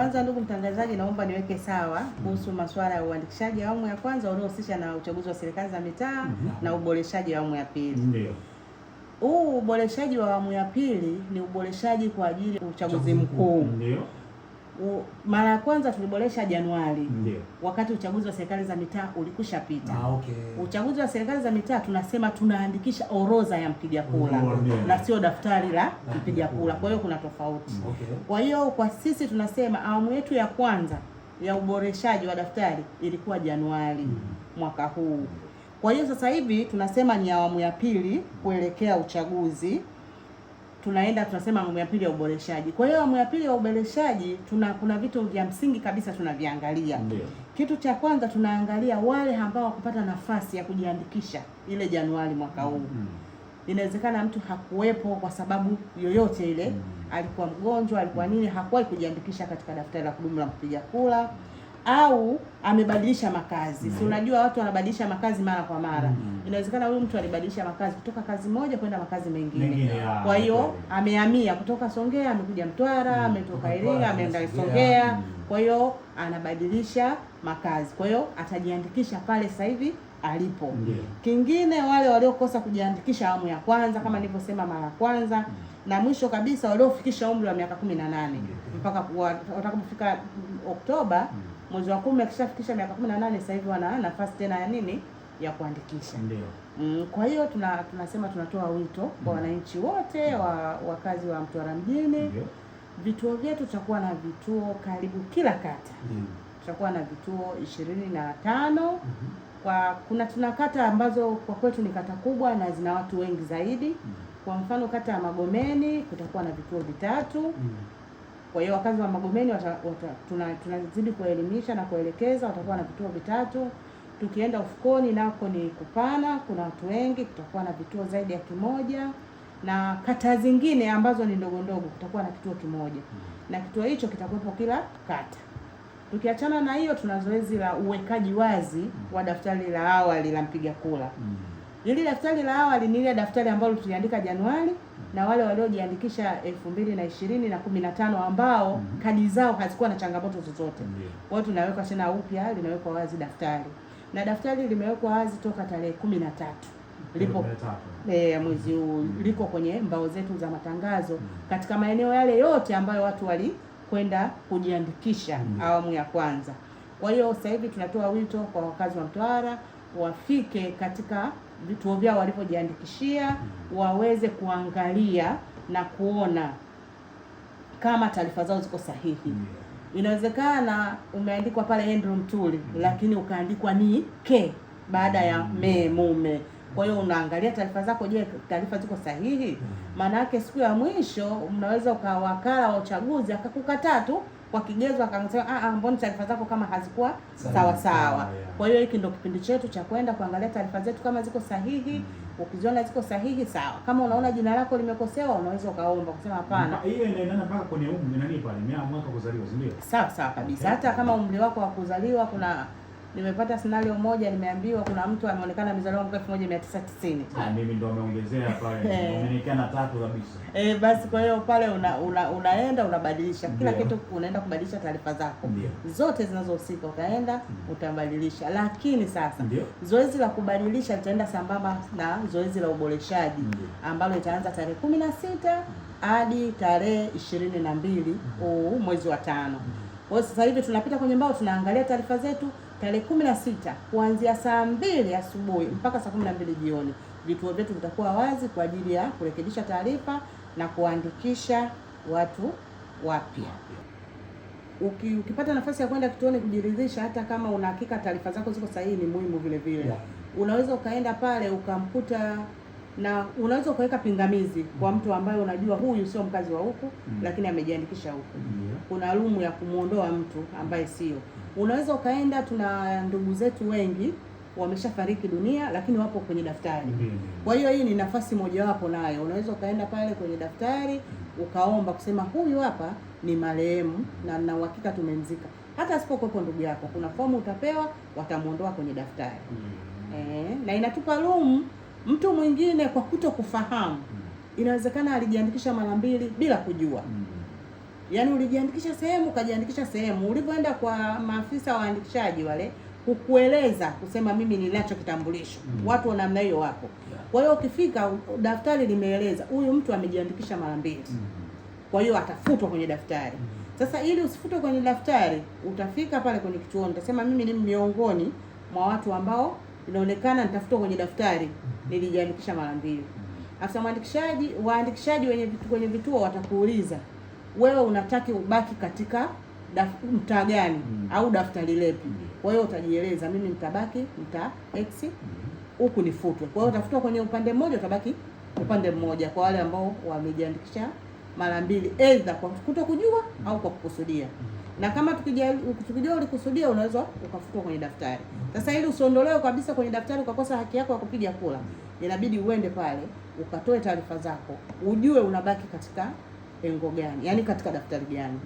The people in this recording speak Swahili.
Kwanza ndugu mtangazaji, naomba niweke sawa kuhusu masuala ya uandikishaji awamu ya kwanza unaohusisha na uchaguzi wa serikali za mitaa mm -hmm. na uboreshaji wa awamu ya pili. Ndio. Huu uboreshaji wa awamu ya pili ni uboreshaji kwa ajili ya uchaguzi mkuu. Ndio mara ya kwanza tuliboresha Januari. Ndiyo. Wakati uchaguzi wa serikali za mitaa ulikushapita. Ah, okay. Uchaguzi wa serikali za mitaa tunasema tunaandikisha orodha ya mpiga kura na sio daftari la ah, mpiga kura, kwa hiyo kuna tofauti. Mm, okay. Kwa hiyo kwa sisi tunasema awamu yetu ya kwanza ya uboreshaji wa daftari ilikuwa Januari mm -hmm. mwaka huu. Kwa hiyo sasa hivi tunasema ni awamu ya pili kuelekea uchaguzi tunaenda tunasema awamu ya pili ya uboreshaji. Kwa hiyo awamu ya pili ya uboreshaji tuna kuna vitu vya msingi kabisa tunaviangalia. Kitu cha kwanza tunaangalia wale ambao wakupata nafasi ya kujiandikisha ile Januari mwaka huu. Mm -hmm. Inawezekana mtu hakuwepo kwa sababu yoyote ile, mm -hmm. alikuwa mgonjwa, alikuwa nini, hakuwahi kujiandikisha katika daftari la kudumu la mpiga kura au amebadilisha makazi. Si mm-hmm. unajua watu wanabadilisha makazi mara kwa mara. Mm-hmm. Inawezekana huyu mtu alibadilisha makazi kutoka kazi moja kwenda makazi mengine. Ah, kwa hiyo amehamia kutoka Songea amekuja Mtwara, mm, ametoka Iringa ameenda Songea. Mm. Kwa hiyo anabadilisha makazi. Kwa hiyo atajiandikisha pale sasa hivi alipo. Kingine, wale waliokosa kujiandikisha awamu ya kwanza kama nilivyosema mara ya kwanza mm. na mwisho kabisa waliofikisha umri wa miaka kumi na nane mpaka watakapofika Oktoba mwezi wa kumi akishafikisha miaka kumi na nane sasa hivi wana nafasi tena ya nini ya kuandikisha. Ndio. Mm, kwa hiyo tuna, tunasema tunatoa wito mm. kwa wananchi wote mm. wa wakazi wa Mtwara mjini. Vituo vyetu tutakuwa na vituo karibu kila kata. mm. Tutakuwa na vituo ishirini na tano mm -hmm. kwa kuna tuna kata ambazo kwa kwetu ni kata kubwa na zina watu wengi zaidi mm. kwa mfano kata ya Magomeni kutakuwa na vituo vitatu mm. Kwa hiyo wakazi wa Magomeni tunazidi tuna kuwaelimisha na kuelekeza watakuwa na vituo vitatu. Tukienda ufukoni nako ni kupana, kuna watu wengi, tutakuwa na vituo zaidi ya kimoja, na kata zingine ambazo ni ndogo ndogo kutakuwa na kituo kimoja, hmm. na kituo hicho kitakuwepo kila kata. Tukiachana na hiyo, tuna zoezi la uwekaji wazi hmm. wa daftari la awali la mpiga kura. Hili hmm. daftari la awali ni ile daftari ambalo tuliandika Januari na wale waliojiandikisha elfu mbili na ishirini na kumi na tano ambao mm -hmm. kadi zao hazikuwa na changamoto zozote yeah. Kwao tunaweka tena upya, linawekwa wazi daftari na daftari limewekwa wazi toka tarehe kumi na tatu lipo e, mwezi huu mm -hmm. liko kwenye mbao zetu za matangazo mm -hmm. katika maeneo yale yote ambayo watu walikwenda kujiandikisha mm -hmm. awamu ya kwanza. Kwa hiyo sasa hivi tunatoa wito kwa wakazi wa Mtwara wafike katika vituo vyao walivyojiandikishia, mm-hmm. waweze kuangalia na kuona kama taarifa zao ziko sahihi. Inawezekana umeandikwa pale Andrew Mtuli, mm-hmm. lakini ukaandikwa ni K baada ya mm-hmm. me mume. Kwa hiyo unaangalia taarifa zako, je, taarifa ziko sahihi? Maana yake siku ya mwisho mnaweza ukawakala wa uchaguzi akakukataa tu kwa kigezo akanasema ah, ah, mbona taarifa zako kama hazikuwa sawa sawa. Kwa hiyo hiki ndio kipindi chetu cha kwenda kuangalia taarifa zetu kama ziko sahihi. Mm. Ukiziona ziko sahihi, sawa. Kama unaona jina lako limekosewa, unaweza ukaomba kusema hapana. Mm, hiyo inaendana mpaka kwenye umri nani pale, mwaka kuzaliwa, ndio sawa sawa kabisa. Hata kama umri wako wa kuzaliwa kuna nimepata scenario moja, nimeambiwa kuna mtu ameonekana amezaliwa mwaka 1990. Ah, mimi ndo ameongezea pale, eh. Nimeonekana tatu kabisa. Eh, basi kwa hiyo pale una, una, unaenda unabadilisha kila yeah, kitu unaenda kubadilisha taarifa zako yeah, zote zinazohusika utaenda mm, utabadilisha. Lakini sasa yeah, zoezi la kubadilisha litaenda sambamba na zoezi la uboreshaji yeah, ambalo itaanza tarehe kumi hadi tarehe ishirini na mbili mwezi wa tano. Kwa hiyo sasa hivi tunapita kwenye mbao tunaangalia taarifa zetu tarehe kumi na sita kuanzia saa mbili asubuhi mpaka saa kumi na mbili jioni. Vituo vyetu vitakuwa wazi kwa ajili ya kurekebisha taarifa na kuandikisha watu wapya. Uki, ukipata nafasi ya kwenda kituoni kujiridhisha, hata kama unahakika taarifa zako ziko sahihi, ni muhimu vile vile yeah. Unaweza ukaenda pale ukamkuta na unaweza ukaweka pingamizi mm. kwa mtu ambaye unajua huyu sio mkazi wa huku mm. lakini amejiandikisha huku yeah. Kuna rumu ya kumwondoa mtu ambaye sio Unaweza ukaenda, tuna ndugu zetu wengi wameshafariki dunia, lakini wapo kwenye daftari. Kwa hiyo hii ni nafasi mojawapo nayo, unaweza ukaenda pale kwenye daftari ukaomba kusema huyu hapa ni marehemu na na uhakika tumemzika. Hata asipokuwepo ndugu yako, kuna fomu utapewa, watamuondoa kwenye daftari e, na inatupa room mtu mwingine kwa kuto kufahamu, inawezekana alijiandikisha mara mbili bila kujua yaani ulijiandikisha sehemu ukajiandikisha sehemu, ulipoenda kwa maafisa waandikishaji wale kukueleza kusema mimi ninacho kitambulisho mm. Watu wa namna hiyo wapo. Kwa hiyo ukifika, daftari limeeleza huyu mtu amejiandikisha mara mbili mm. Kwa hiyo atafutwa kwenye daftari mm. Sasa ili usifutwe kwenye daftari, utafika pale kwenye kituo utasema mimi ni miongoni mwa watu ambao inaonekana nitafutwa kwenye daftari, mm. nilijiandikisha mara mbili. Mm. Afisa mwandikishaji, waandikishaji wenye kwenye vituo watakuuliza wewe unataki ubaki katika mtaa gani mm. au daftari lepi? Mm. Kwa hiyo utajieleza, mimi nitabaki mtaa X, mm. huku nifutwe. Kwa hiyo utafutwa kwenye upande mmoja, utabaki upande mmoja, kwa wale ambao wamejiandikisha mara mbili, aidha kwa kujua mm. au kwa kukusudia. Na kama tukijua ulikusudia, unaweza ukafutwa kwenye daftari. Sasa ili usiondolewe kabisa kwenye daftari ukakosa haki yako ya kupiga kura, inabidi uende pale ukatoe taarifa zako, ujue unabaki katika engo gani, yaani katika daftari gani?